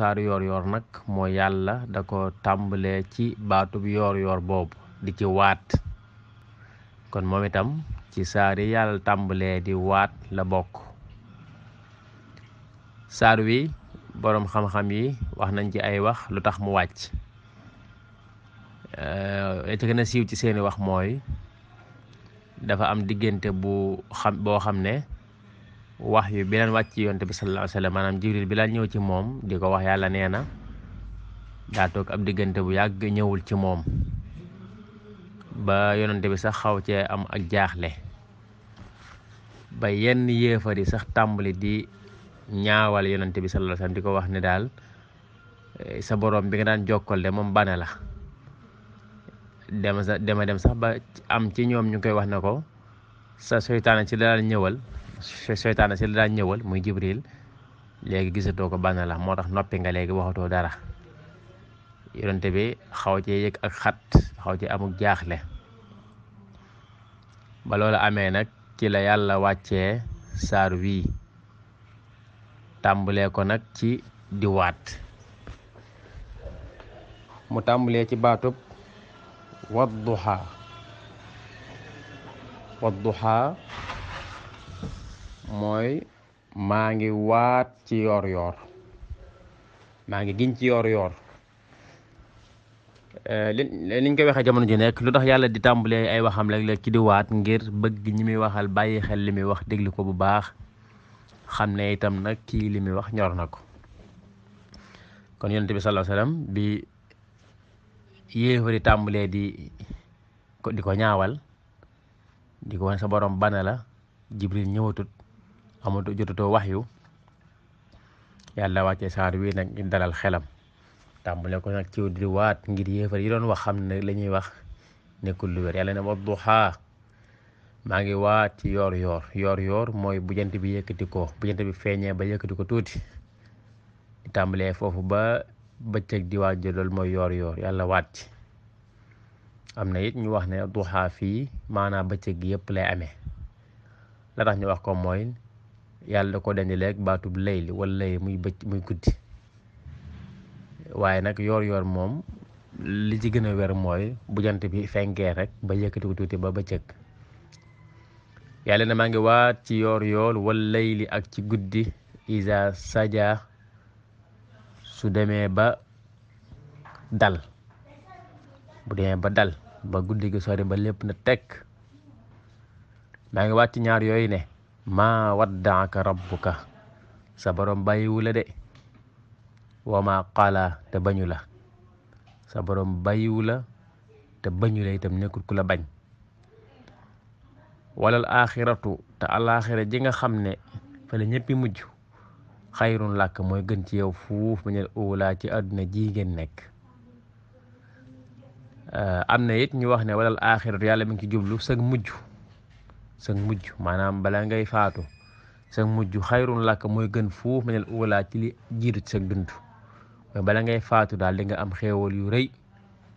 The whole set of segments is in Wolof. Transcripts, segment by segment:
saaru yoor yoor nag moo yàlla da ko tàmbalee ci baatub yoor yoor boobu di ci waat kon moom itam ci saar yi yàlla tàmbalee di waat la bokk saar wi boroom xam-xam yi wax nañ ci ay wax lu tax mu wàcc eh, ci gën siiw ci seeni wax mooy dafa am diggante boo xam ne wax yi bi leen wàcc ci yonte bi sallallahu alayhi wa sallam maanaam jibril bi laan ñëw ci moom di ko wax yàlla nee na daa ab diggante bu yàgg ñëwul ci moom ba yonante bi sax xaw cee am ak jaaxle ba yenn yéefar yi sax tàmbali di ñaawal yonante bi sallallahu di ko wax ne daal eh, sa boroom bi nga daan jokkal de moom bane la dem sa dema dem sax ba am ci ñoom ñu koy wax na ko sa seytaane ci daal ñëwal seytaane si la daan ñëwal muy jibril léegi gisatoo ko bànn la moo tax noppi nga léegi waxatoo dara yonente bi xaw ci yëg ak xat xaw ci amuk jaaxle ba loolu amee nag ci la yàlla wàcce saar wii tàmbalee ko nag ci diwaat mu tàmbulee ci baatub wadduha wadduha mooy maa ngi waat ci yoor yoor maa ngi giñ ci yoor yoor eh, li ñu koy waxee jamono ji nekk lu tax yàlla di tàmbalee ay waxam léeg-léeg ci di waat ngir bëgg ñi muy waxal bàyyi xel li muy wax déglu ko bu baax xam ne itam nag kii li muy wax ñor na ko kon yonent bi sallallahu alayhi wasallam bi yéefari tàmbalee di ko di ko ñaawal di ko wane sa borom bana la jibril ñëwatut amatu jotatoo waxyu yàlla wàcce saar wi nag ngir dalal xelam tàmbale ko nag ci waat ngir yéefar yi doon wax xam ne la ñuy wax nekkul lu wér yàlla ne wadduhaa maa ngi waat ci yoor yoor yoor yoor mooy bu jant bi yëkkati ko bi feeñee ba yëkkati ko tuuti tàmbalee foofu ba bëccëg di waaj loolu yoor yàlla waat ci am na it ñu wax ne duxaa fii maanaam bëccëg gi lay ame la tax ñu wax ko mooy yàlla da ko dandi leeg baatub layli wala lay muy bëcc muy guddi waaye nag yoor yoor moom li ci gën a wér mooy bu jant bi fenkee rek ba yëkkati ko tuuti ba bëccëg yàlla na maa ngi waat ci yoor yoor wala layli ak ci guddi isa saja su demee ba dal bu demee ba dal ba guddi gi sori ba lépp na tekk maa ngi waat ci ñaar yooyu ne maa waddaaka rabbuka sa borom bàyyiwu la de wa maa qaala te bañu la sa borom bàyyiwu la te bañu la itam nekkul ku la bañ walal axiratu te alaxira ji nga xam ne fa la ñëppi mujj xayrun lakk mooy gën ci yow fuuf mu ne uulaa ci àdduna ji ngeen nekk am na it ñu wax ne walla axiratu yàlla mi ngi ci jublu sag mujj sa mujj maanaam balaa ngay faatu sa mujj xayrun làkk mooy gën fuuf menel uwalaa ci li jiitu sa dund mooy bala ngay faatu daal di nga am xéewal yu rëy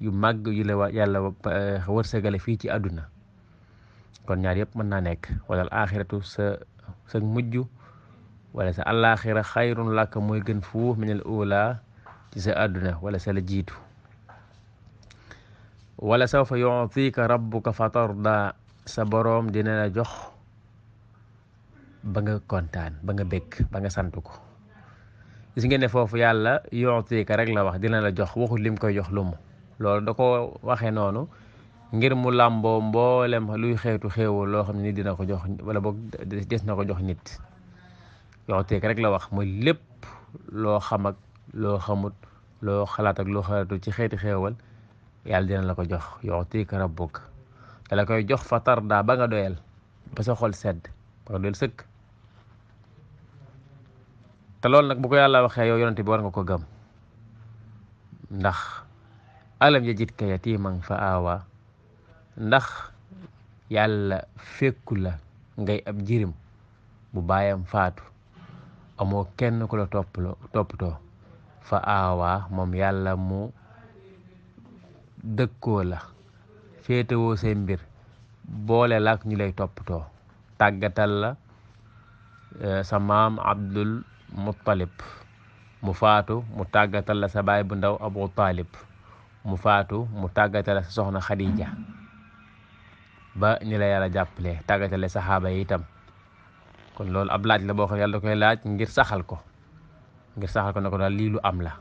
yu màgg yu la yàlla eh, wërsëgale fii ci àdduna kon ñaar yëpp mën naa nekk wala alaaxiratu sa sa mujj wala sa alaaxira xayrun làkk mooy gën fuuf menel uwalaa ci sa àdduna wala sa la jiitu wala sawfa yu'tika rabbuka fatarda sa boroom dina la jox ba nga kontaan ba nga bëgg ba nga sant ko gis ngeen ne foofu yàlla yootika rek la wax dina la jox waxul lim koy jox lu mu loolu da ko waxee noonu ngir mu làmboo mboolem luy xeetu xéewal loo xam ne nit dina ko jox wala boog des na ko jox nit yootika rek la wax mu lépp loo xam ak loo xamut loo xalaat ak loo xalaatu ci xeeti xéewal yàlla dina la ko jox yootika rabbuk dala koy jox fa tarda ba nga doyal ba sa xol sedd ba nga doyal sëkk te loolu nag bu ko yàlla waxee yow yonent bi war nga ko gëm ndax alam yajidka yatiiman fa aawa ndax yàlla fekku la ngay ab jirim bu baayam faatu amoo kenn ku la toppaloo toppatoo fa aawa moom yàlla mu dëkkoo la féetewoo say mbir boole la ak ñu lay toppatoo tàggatal la eh, sa maam Abdul Muttalib mu faatu mu tàggatal la sa baay bu ndaw Abu Taalib mu faatu mu tàggatal la sa soxna Xadija ba ñu la yàlla jàppale tàggatale saxaaba yi itam kon loolu ab laaj la boo xam yàlla da koy laaj ngir saxal ko ngir saxal ko ne ko daal lii lu am la.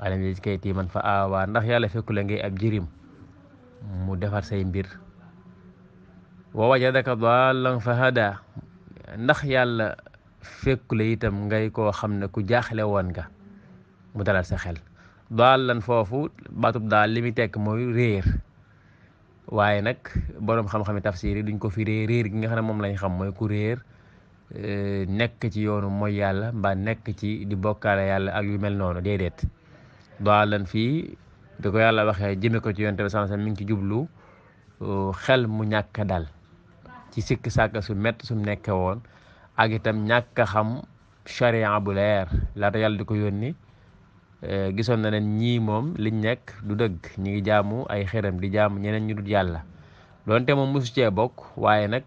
alhamdulilah kay tii man fa aawaa ndax yàlla fekku la ngay ab jirim mu defar say mbir wa wajadaka daallan fa hada ndax yàlla fekku itam ngay koo xam ne ku jaaxle woon nga mu dalal sa xel daallan foofu baatub daal li muy tekk mooy réer waaye nag boroom xam-xami tafsir yi duñ ko fi réer réer gi nga xam ne moom lañ xam mooy ku réer eh, nekk ci yoonu mooy yàlla mbaa nekk ci di bokkaale yàlla ak yu mel noonu déedéet daallan fii di ko yàlla waxee jëme ko ci yonte bi sallallahu alayhi wasallam ngi jublu xel mu ñàkk dal ci sikk sàkk su mett su nekkee woon ak itam ñàkk xam charia bu leer laata yàlla di ko yónni eh, gisoon na leen ñii moom liñ nekk du dëgg ñu ngi jaamu ay xëram di jaamu ñeneen ñu dul yàlla donte moom mosu cee bokk waaye nag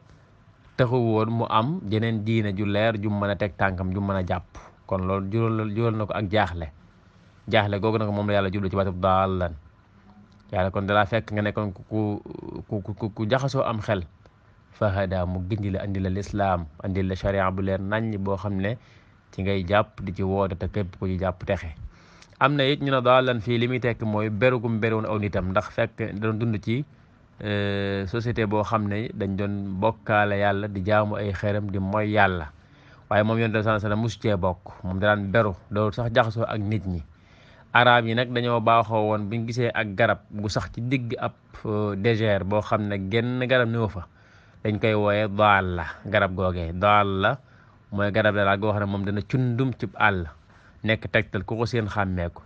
taxu woon mu am jeneen diine ju leer ju mën a teg tànkam ju mën a jàpp kon loolu jural jural na ko ak jaaxle jaaxle googu nag moom la yàlla jublu ci baatub daalan yàlla kon dalaa fekk nga nekkoon ku ku ku jaxasoo am xel fahada mu gindi la andi la lislaam andi la charia bu leer naññ boo xam ne ci ngay jàpp di ci woote te képp ku ci jàpp texe am na it ñu ne daalan fii li muy tekk mooy berugum na aw nitam ndax fekk doon dund ci euh, société boo xam ne dañ doon bokkaale yàlla di jaamu ay xeeram di mooy yàlla waaye moom yonent bi sallallahu alayhi cee bokk moom daan beru arab yi nag dañoo baaxoo woon buñ gisee ak garab gu sax ci digg ab euh, désert boo xam ne genn garab néew fa dañ koy wooye daal la garab googee daal la mooy garab la goo xam ne moom dana cundum ci àll nekk tegtal ku ko seen xàmmee ko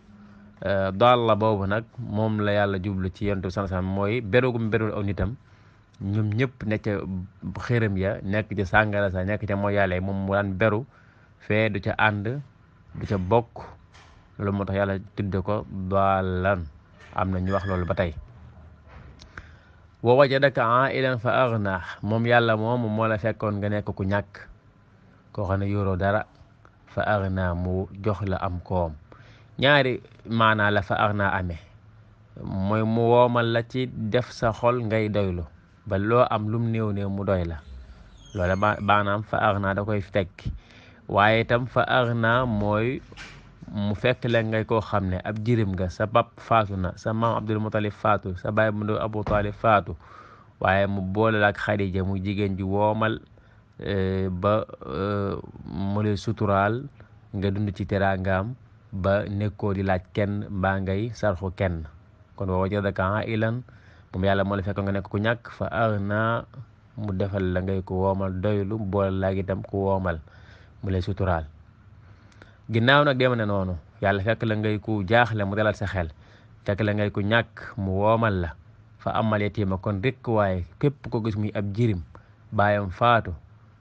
euh, daal la boobu nag moom la yàlla jublu ci yonent bi sallallahu mooy berugum berul aw ñoom ñëpp nekk ca ya nekk ca sàngara sa nekk ca mooy yàlla yi moom mu daan beru fee du ca ànd du ca bokk loolu moo tax yàlla tudde ko baalan am na ñu wax loolu ba tey wa wajadaka ailan fa aghnaa moom yàlla moom moo la fekkoon nga nekk ku ñàkk koo xam ne yoroo dara fa aghnaa mu joxla am koom ñaari maanaa la fa aghnaa amee mooy mu woomal la ci def sa xol ngay doylu ba loo am lum néew néew mu doy la loola maanaam fa aghnaa da koy tekki waaye itam fa aghnaa mooy mu fekk la ngay koo xam ne ab jirim nga sa bàpp faatu na sa maam Abdul Mutalib faatu sa baay mu Abu Talib faatu waaye mu boole ak Xadija mu jigéen ji woomal eh, ba eh, mu lay suturaal nga dund ci teraangaam ba nekkoo di laaj kenn mbaa ngay sarxu kenn kon wa wajadaka ailan moom yàlla moo la fekk nga nekk ku ñàkk fa naa mu defal la ngay ku woomal doylu boole la ak itam ku woomal mu lay suturaal ginnaaw nag dema ne noonu yàlla fekk la ngay ku jaaxle mu dalal sa xel fekk la ngay ku ñàkk mu woomal la fa amal yatiima kon rek waaye képp ko gis muy ab jirim baayam faatu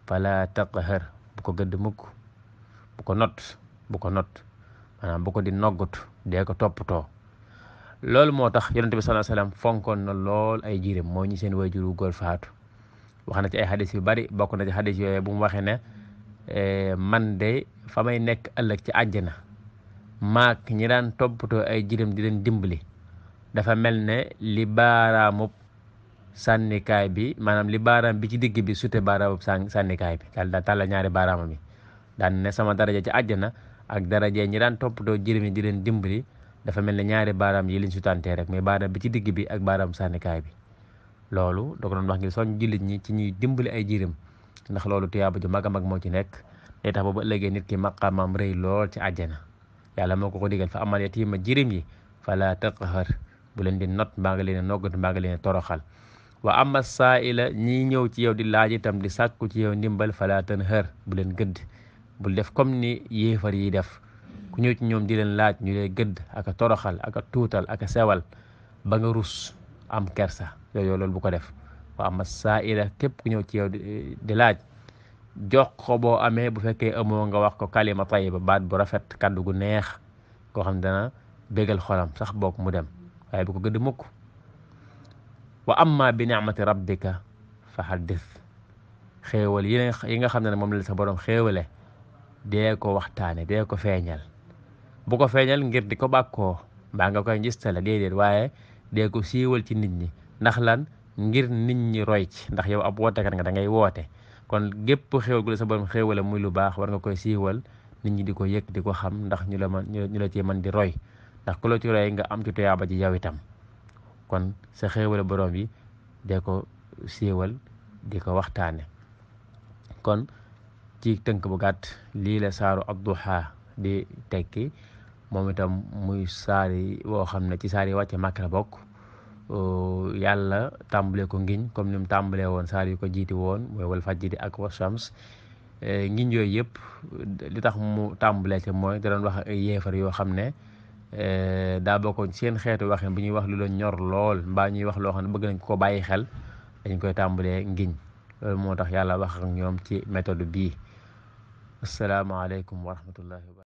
fala taqhar bu ko gëdd mukk bu ko not bu ko not maanaam bu ko di noggut dee ko toppatoo loolu moo tax yonente bi sallallahu alayhi wasallam na lool ay jirim moo ñi seen waajur wu góor faatu wax na ci ay xadis yu bari bokk na ci xadis yooyu bu mu Eh, man de fa may nekk ëllëg ci àjjana maak ñi daan toppatoo ay jirim di leen dimbali dafa mel ne li baaraamub sànnikaay bi maanaam li baaraam bi ci digg bi sute baaraamub sànnikaay bi daal daal tàlla ñaari baaraama bi daan ne sama daraja ci na ak darajee ñi daan toppatoo jirim yi di leen dimbali dafa mel ne ñaari baaraam yi liñ sutantee rek mais baaraam bi ci digg bi ak baaraam sànnikaay bi loolu da ko doon wax ngir soñ jullit ñi ci ñuy dimbali ay jirim ndax loolu tuyaaba ju mag a mag moo ci nekk day tax ba bu ëllëgee nit ki maqaamam rëy lool ci àjjana yàlla moo ko ko digal fa amal ma jirim yi fala taqhar bu leen di not mbaa nga leen noggatu mbaa nga leen toroxal wa ama saaila ñiy ñëw ci yow di laaj itam di sàkku ci yow ndimbal fala tanhar bu leen gëdd bul def comme ni yéefar yi def ku ñëw ci ñoom di leen laaj ñu lay gëdd aka toroxal aka tuutal aka sewal ba nga rus am kersa yooyu loolu bu ko def wa ama saa'ila képp ku ñëw ci yow di laaj jox boo amee bu fekkee amoo nga wax ko kalima tayiba baat bu rafet kàddu gu neex koo xam dana bégal xolam sax bokk mu dem waaye bu ko gëdd mukk wa amma bi ni'mati rabbika fa haddith xéewal yi yi nga xam ne moom la sa borom xéewale dee ko waxtaane dee ko feeñal bu ko feeñal ngir di ko bàkkoo mbaa nga koy njistale déedéet waaye dee ko siiwal ci nit ñi ndax ngir nit ñi roy ci ndax yow ab wootekat nga da ngay woote kon gépp xéwal gu la sa borom xéwale muy lu baax war nga koy siiwal nit ñi di ko yëg di ko xam ndax ñu la mën ñu la ci mën di roy ndax ku la ci roy nga am ci tuyaaba ji yow itam kon sa xéewale borom yi de ko siiwal di ko waxtaane kon ci tënk bu gàtt lii la saaru Ad-Duha di tekki moom itam muy saari woo xam ne ci saari wàcce Makka la bokk Euh, yàlla tàmbale ko ngiñ comme ni mu tàmbalee woon saar yu ko jiiti woon mooy wal fajjiri ak wa shams euh, ngiñ yooyu yëpp li tax mu tàmbalee ci mooy da doon wax ay yeefar yoo xam ne euh, daa ko seen xeetu waxin bu ñuy wax lu leen ñor lool mbaa ñuy wax loo xam ne bëgg nañ ko bàyyi xel dañ koy tàmbalee ngiñ moo tax yàlla wax ñoom ci méthode bii asalaamaaleykum wa rahmatullahi